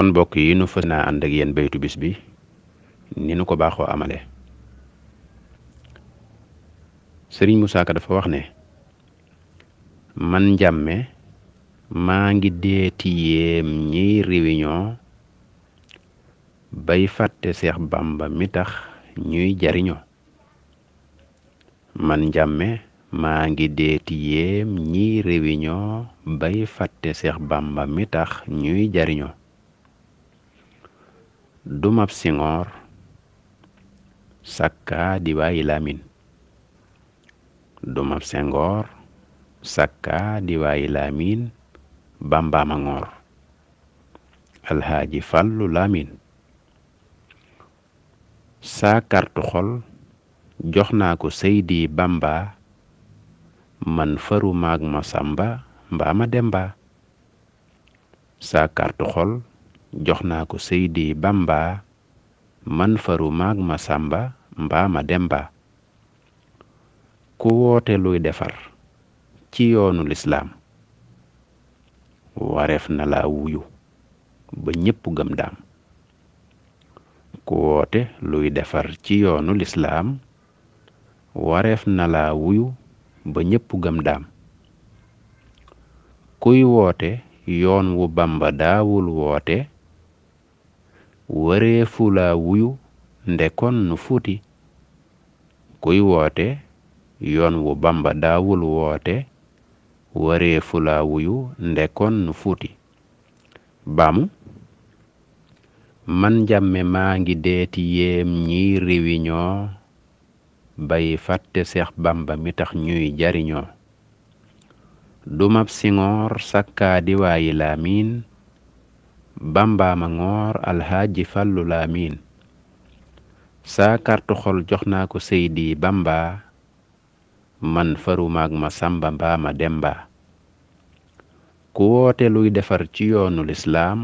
kon mbokk yi nu fas and ak yeen beytu bis bi ni nu ko baxo amale sëriñ Moussa Ka dafa wax ne man jamme ma ngi deeti yéem ñiy réunion bay fàtte cheikh bamba mi tax ñuy jariño man jamme ma ngi deeti yéem réunion bay fàtte cheikh bamba mi tax ñuy jariño Dumab singor Sakka Diwayi Lamin Dumab singor Sakka Diwayi Lamin Bamba Mangor Alhaji Fallu Lamin sa kartu xol joxna ko Seydi Bamba man faru mag masamba samba demba sa kartu xol jox naa ko Seydi Bamba man faru maag ma sàmba mbaa ma demba ku woote luy defar ci yoonu lislaam wareef na laa ba ñépp gëm luy defar ci yoonu lislaam wareef na wuyu ba ñépp gëm daam kuy woote yoon wu bamba daawul woote wareefu wuyu nde kon nu futi kuy woote yoon wu bamba daawul woote wareefu la wuyu nde kon nu futi baamu man njàmme maa ngi deeti yéem ñiy réunion bayi fatte seex bamba mi ñuy jariñoo dumab singoor sakkaa di waayi laamiin bambaama ngoor alxaaji fàllu laamiin saa kartu xol jox naa ko seydi bamba man faru maag ma sàmba mbaa demba ku woote luy defar ci yoonu lislaam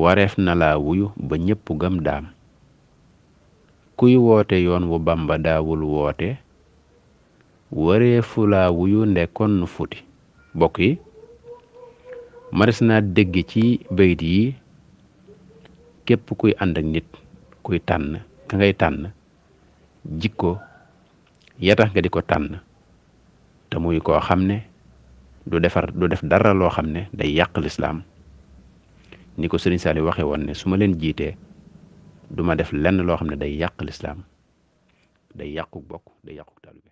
wareef na laa wuyu ba ñépp gëm daam kuy woote yoon wu bamba daawul woote wareefu laa wuyu nde kon futi bokk yi maris naa dégg ci bayit yi képp kuy ànd ak nit kuy tànn ka ngay tànn jikko ya tax nga di ko tànn te muy koo xam ne du defar du def dara loo xam ne day yàq lislaam ni ko sëriñ Saliou waxe woon ne su ma leen jiitee du ma def lenn loo xam ne day yàq lislaam day yàqu bokk day yàqu taalibe